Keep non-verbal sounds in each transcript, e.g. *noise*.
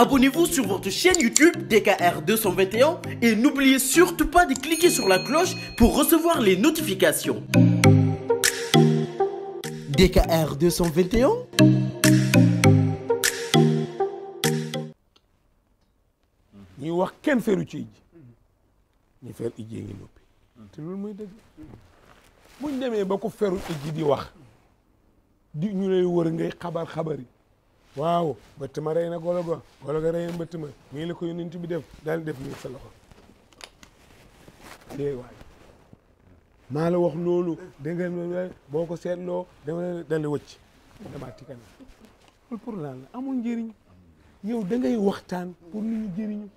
Abonnez-vous sur votre chaîne YouTube DKR et n'oubliez surtout pas de cliquer sur la cloche pour recevoir les notifications. DKR 221. wax kenn feru ci ij fer ijee ngi noppi te loolu mooy demee ba ko feru ij di wax di ñu lay wër ngay xabar xabari waaw bëtt ma rey na golo ga golo ga rey na bëtt ma nii la ko yonent bi def daal def nii sa loxo la wax loolu dégg nga boo ko seetloo dama dal di wëcc damaa tikane loolu pour lan la amul njëriñ yow da ngay waxtaan pour nit ñi jëriñu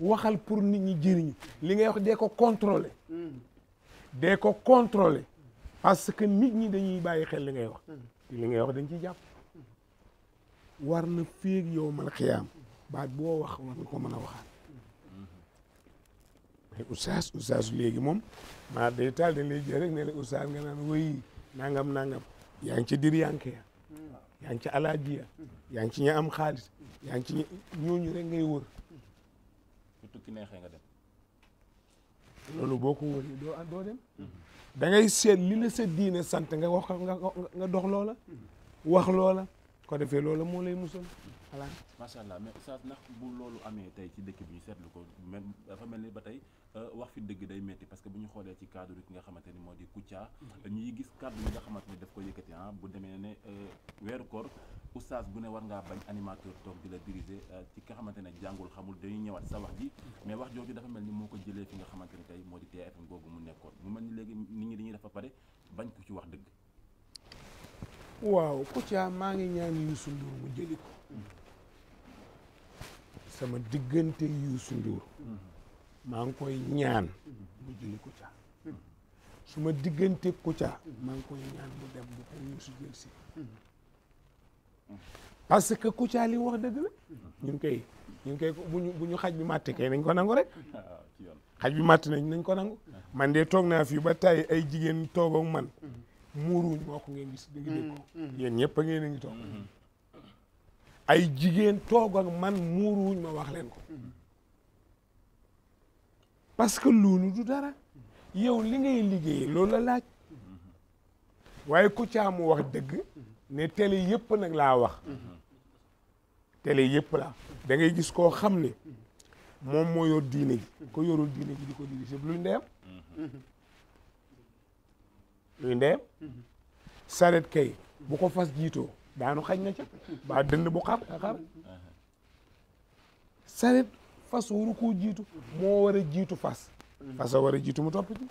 waxal pour nit ñi jëriñu li ngay wax dee ko contrôler dee ko contrôler parce que nit ñi dañuy bàyyi xel li ngay wax li ngay wax dañ ciy jàpp war na féeg yow mal xiyaam baat boo wax war nga ko mën a waxaat mais oustaz léegi moom maa day taal dañ lay jël rek ne la oustaz nga naan wéy nangam nangam yaa ngi ci dir yanke ya ngi ci alaaji ya ngi ci ñi am xaalis yaa ngi ci ñooñu rek ngay wër bu tukki nga dem loolu boo ko wëree doo doo dem da ngay seet li la sa diine sant nga wax dox loola wax loola ko defee loolu moo lay musal voilà. macha allah mais saa ndax bu loolu amee tey ci dëkk bi ñu seetlu ko même dafa mel ni ba tey euh, wax fi dëgg day metti parce que bu ñu xoolee ci cadre ki nga xamante ni moo di Kouthia. ñuy gis cadre yi nga xamante ni daf ko yëkkati ah bu demee ne euh, weeru koor oustaz bu ne war ngaa bañ animateur toog di la diriger euh, ci nga xamante ne jàngul xamul dañuy ñëwaat sa wax ji. mais wax jooju dafa mel ni moo ko jëlee fi nga xamante ni tey moo di TFM mu nekkoon mu mel ni léegi nit ñi dañuy dafa pare bañ ko ci wax dëgg. waaw Kouthia maa ngi ñaan Youssou Ndour mu jëli ko sama diggante Youssou Ndour maa ngi koy ñaan mu jëli Kouthia suma diggante Kouthia maa ngi koy ñaan mu dem bu ko Youssou jël si parce que li wax dëgg la ñun koy ñun koy buñu bu ñu xaj bi màtt kay nañ ko nangu rek *laughs* xaj bi matti nañ nañ ko nangu man de toog naa fii ba tey ay jigéen toog man muuruñ moo ko ngeen gis. da ngi ko mm, mm. yéen ñëpp a ngeen a ngi toog. Mm-hmm. ay jigéen toog man man muuruñ ma wax leen ko. Mm-hmm. parce que loolu du dara. yow li ngay liggéey loolu la laaj. Mm-hmm. waaye ku caa mu wax dëgg. ne télé yëpp nag laa wax. télé yëpp la da gis koo xam ne. moom moo yor diine ji. ko yorul diine ji di ko dirigé lu ñu ndeyam. luy ndeyam saret kay bu ko fas jiitoo daano xañ na ca ba dënd bu xar nga xar saret fas waru jiitu moo war a jiitu fas fas a war a jiitu mu topp ci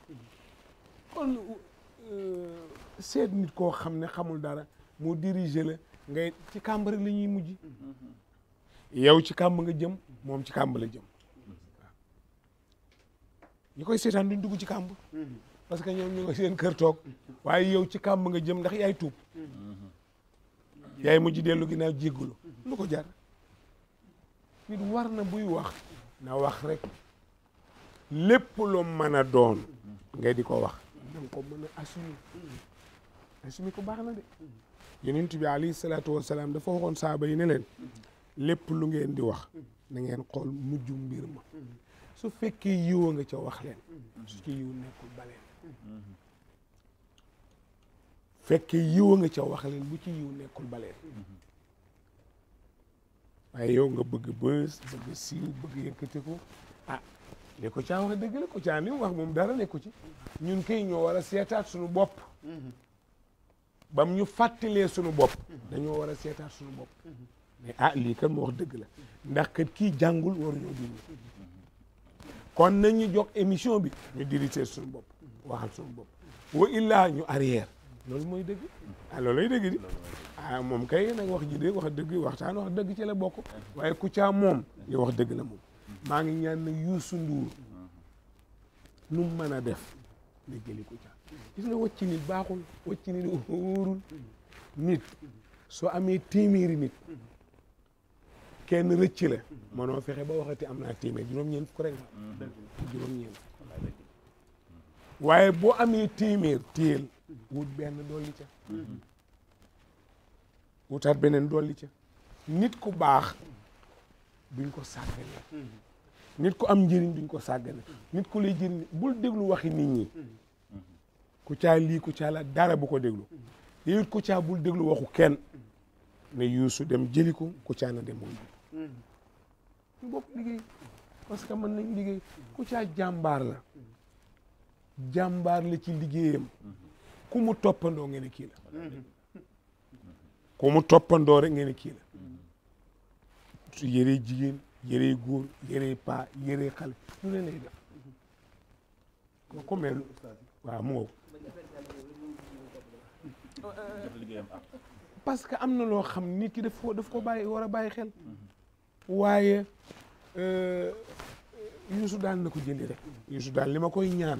euh, seet nit koo xam ne xamul dara mu diriger nga ngay ci kàmb rek la ñuy mujj yow ci kàmb nga jëm moom ci kàmb la jëm waaw ñi koy seetaan duñ dugg ci kàmb parce que ñoom ñu nga seen kër toog waaye yow ci kàmb nga jëm ndax yaay tuub yaay mujj dellu ginnaaw jéggulu lu ko jar nit war na buy wax na wax rek lépp lu mën a doon nga di ko wax na nga ko mën ko baax na de yonent bi alayhi salaatu wasalaam dafa waxoon saaba yi ne leen lépp lu ngeen di wax ngeen xool mujj mbir ma su fekkee yiwa nga ca wax leen su ci yiw nekkul baleen fekke yiw nga ca wax leen bu ci yiw nekkul baleen waaye yow nga bëgg bës bëgg siiw bëgg yëkkati ko ah li ko caa wax dëgg la ko caa li wax moom dara nekku ci ñun kay ñoo war a seetaat suñu bopp bam ñu fàttalee sunu bopp dañoo war a seetaat suñu bopp mais ah lii kan mu wax dëgg la ndax kat kii jàngul waruñoo dund kon nañu jox émission bi ñu diri seet suñu bopp waxal suñu bopp wa illaa ñu arrière loolu mooy dëgg ah loolay dëgg di ah moom kay nag wax ji de wax dëgg waxtaan wax dëgg ci la bokk waaye Kouthia moom li wax dëgg la moom maa ngi ñaan na Youssou Ndour nu mu mën a def na jëli Kouthia gis nga wàcc nit baaxul wàcc nit wóorul nit soo amee téeméeri nit kenn rëcc la mënoo fexe ba waxati am naa téeméer juróom-ñeent fukk rek la mm-hmm. juróom-ñeent waaye boo amee téeméer téel wut benn dolli ca wutaat beneen dolli ca nit ku baax duñ ko sàggane nit ku am njëriñ duñ ko sàggane nit ku lay jëriñ bul déglu waxi nit ñi ku caa lii ku caa la dara bu ko déglu yit ku caa bul déglu waxu kenn ne yuusu dem jëli ko ku caa na dem moom ñu bokk liggéey parce que mën nañ ku caa jàmbaar la jàmbaar la ci liggéeyam ku mu toppandoo ngeen ne kii la ku mu toppandoo rek ngeen ne kii la yëre jigéen yëre góor yëre paa yëre xale lu ne lay def ko que am na loo xam nit ki daf ko def ko bàyyi war a bàyyi xel waaye euh, Youssou daan na ko jëli rek koy ñaan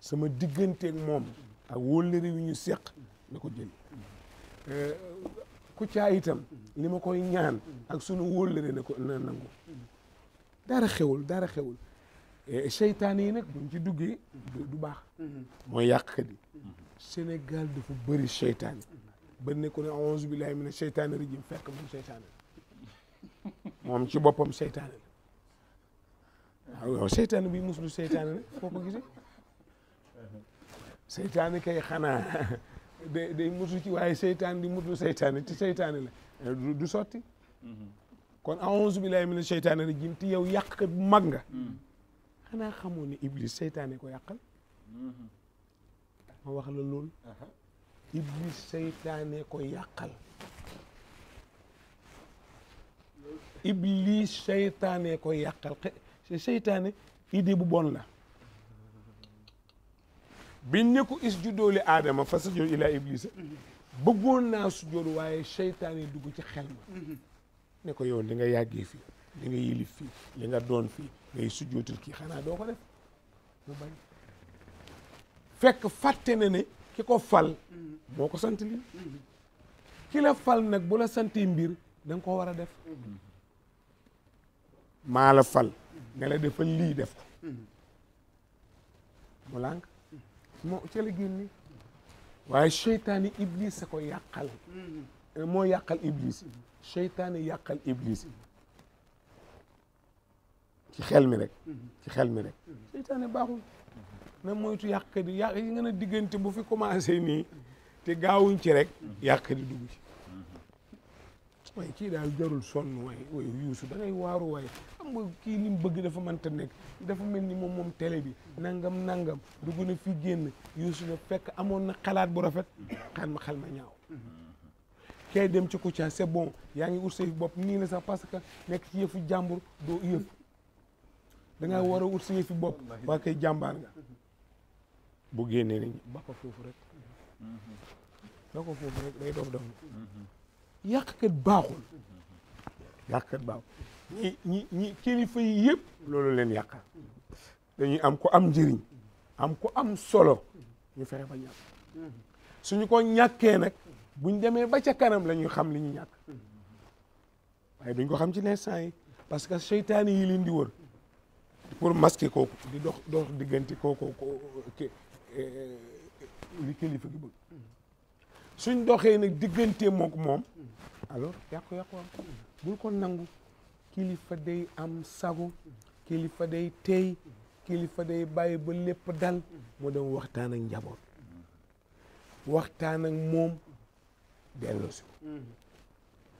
sama digganteeg moom a wóllëre yu ñu seq na ko jël ku caa itam li ma koy ñaan ak sunu wóllëre na ko na nangu dara xewul dara xewul e, seytaane yi nag buñ ci duggee du baax mooy yàqkat yi Sénégal dafa bëri seytaane bari ne ko ne onze billahi mina seytaane rajim fekk moom seytaane moom ci boppam seytaane la waaw seytaane bi muslu seytaane la foo ko seytaane kay xanaa *laughs* day day mutu ci waaye seytaan di mutu seytaane te seytaane la eh, du sotti mm-hmm. kon aouzu billahi mina seytaane rajim te yow yàqkat bu mag nga mm. xanaa xamoon ne iblis seytaane ko yàqal mm-hmm. ma uh-huh. iblis seytaane ko yàqal iblis seytaane di bu bon la biñ ne ko is juddoo li aadama fa sa jooju ilaa bëggoon naa su jooju waaye seytaan dugg ci xel ma ne ko yow li nga yàggee fii li nga yilif fii li nga doon fii ngay sujjootul kii xanaa doo ko def mu bañ fekk fàtte na ne ki ko fal moo ko sant lii ki la fal nag bu la santee mbir danga nga koo war a def maa la fal ne la defal lii def ko mu lànk mo ca la génne waaye seytaane iblis a ko yàqal mm-hmm. moo yàqal iblis seytaane yàqal iblis ci xel mi rek mm-hmm. ci xel mi rek mm-hmm. baaxul na moytu yàq di yàq yi nga ne diggante bu fi commencé te gaawuñ ci rek yàq di waaye kii daal jarul sonn waay waay yuusu da ngay waaru waay kii ni mu bëgg dafa mënta nekk dafa mel ni moom moom télé bi nangam nangam dugg na fi génn yuusu na fekk amoon na xalaat bu rafet xaan ma xel ma ñaaw kay dem ci Kouthia c'est bon yaa ngi ut sa yëf bopp nii la sax parce que nekk ci yëfu jàmbur doo yëf da ngaa war a ut sa yëfi bopp waa kay jàmbaar nga bu génnee nañ ba ko foofu rek ba ko foofu rek day dof dof mhm. yàqkat baaxul yàqkat baaxul ñi ñi ñi kilifa yi yëpp loolu leen yàqal am ko am njëriñ am ko am solo ñu fexe ba ñàkk suñu ko ñàkkee nag buñ demee ba ca kanam la ñuy xam li ñu duñ ko xam ci l'instant yi parce que seytaane yi leen di wër pour masquer kooku di dox dox diggante kooku eh, li kilifa gi bëgg suñ doxee nag diggante mook moom alors yàqu-yàqu am bul ko nangu kilifa day am sago kilifa day tey kilifa day bàyyi ba lépp dal mu dem waxtaan ak njaboot waxtaan ak moom delloo si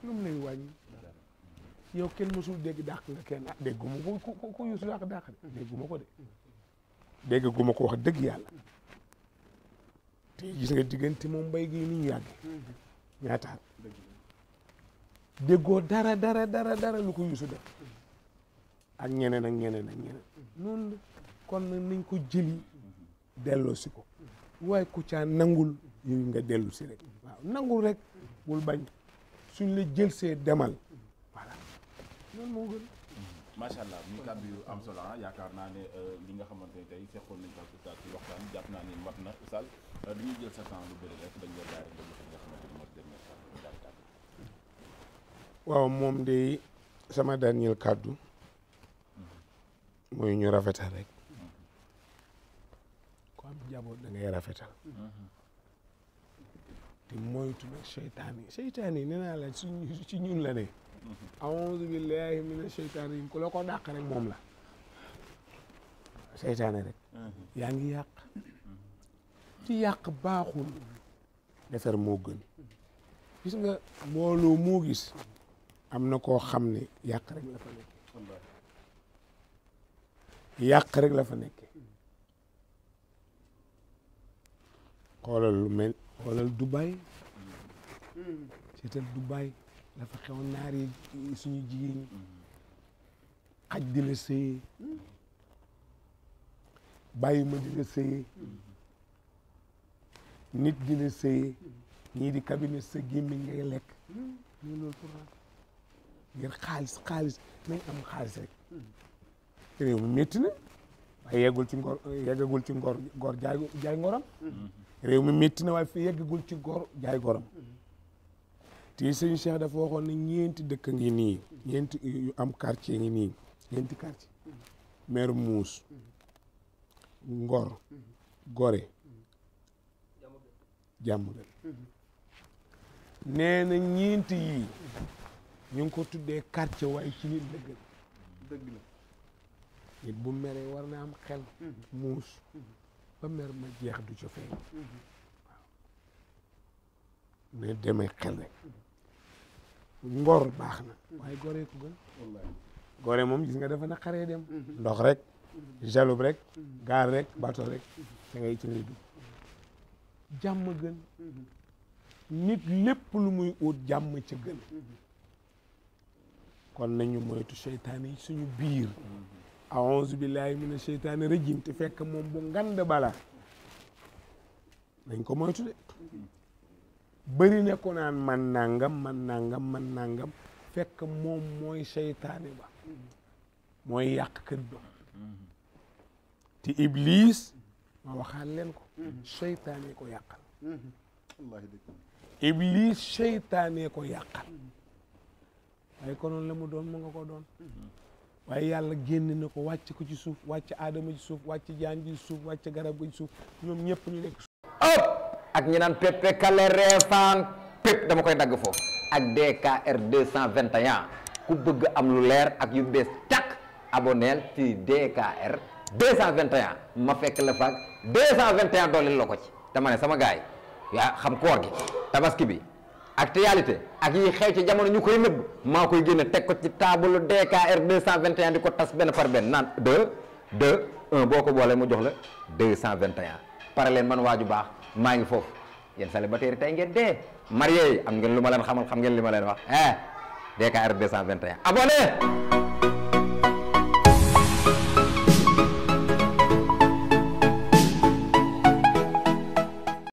lu mu lay wàññi yow kenn mosul dégg dàq kenn ah dégguma ko ku ku yusu ko de dégguma ko wax dëgg yàlla te diggante moom mbay gi ni ñu yàgg ñaataat déggoo dara dara dara dara lu ko yusu def ak ñeneen ak ñeneen ak ñeneen noonu la kon nag nañ ko jëli delloo si ko waaye Kouthia nangul yow nga dellu si rek waaw nangul rek bul bañ suñ la jël see demal voilà moo gën macha allah muy kàddu am solo ah. yaakaar naa ne euh, li nga xamante ne tey fekkoon nañ ko ci waxtaan jàpp naa ne mat na euh, Oustaz waaw moom de sama dernier kàddu mooy ñu rafetal rek ku am njaboot da ngay rafetal te moytu nag seytaan yi seytaan yi la ci ñun la ne aouzu mina seytaan yi ku ko dàq rek moom la seytaane rek yaa ngi yàq ci yàq baaxul defar moo gën gis nga mbooloo moo am na koo xam ne yàq rek la fa nekke yàq rek la fa nekke xoolal lu mel xoolal Dubaï seetal Dubaï dafa xew naar yi suñu jigéen ñi xaj di la sëyee bàyyi di la sëyee nit di la sëyee ñii di kabine sa gémmiñ lekk ngeen xaalis xaalis nañ am xaalis rek réew mi métti na waaye yeggul ci ngor yeggagul ci jaay jaay ngoram réew mi métti na waaye fi yeggagul ci ngor jaay ngoram te sëñ Cheikh dafa waxoon ne ñeenti dëkk ngi nii ñeenti yu am quartier ngi nii ñeenti muus Mermoz Ngor Gorée Diamaguène nee na ñeenti ñu ngi ko tuddee quartier waaye ci nit dëgg la nit bu meree war na am xel mhm. muus mhm. ba mer ma jeex du ci feeñ waaw mhm. ne rek ngor baax na waaye goree ko gën gore moom gis nga dafa na xaree dem ndox rek jaloub rek gaar rek bato rek da ngay ci ngay dugg jàmm gën nit lépp lu muy ut jàmm ca gën kon nañu moytu seytaane yi suñu biir mm-hmm. aouzu billahi mina seytaane rajim te fekk moom bu ngand bala nañ ko moytu de mm-hmm. bëri na ko naan man nangam man nangam man fekk moom mooy seytaane ba mm-hmm. mooy yàq kër doom te iblis ma waxaat leen ko seytaane ko yàqal iblis seytaane ko yàqal waaye konoon la mu doon mu nga ko doon waaye yàlla génn na ko wàcc ko ci suuf wàcc aadama ci suuf wàcc jaan ji ci suuf wàcc garab gi ci suuf ñoom ñëpp ñu nekk suuf ak ñi naan péppe kale reefaan pépp dama koy dagg foofu ak DKR 221 ku bëgg am lu leer ak yu bees takk aboneel ci DKR 221 ma fekk la faak 221 dooleel la ko ci dama ne sama gaay yaa xam koor gi tabaski bi actualité ak yi xew ci jamono ñu koy nëbb maa koy génne teg ko ci table DKR 221 di ko tas benn par benn naan 2 2 1 boo ko boolee mu jox la de 221 pare leen man waaju baax maa ngi foofu yéen célibataire tey ngeen dee marié yi am ngeen lu ma leen xamal xam ngeen li ma leen de eh DKR 221 abonné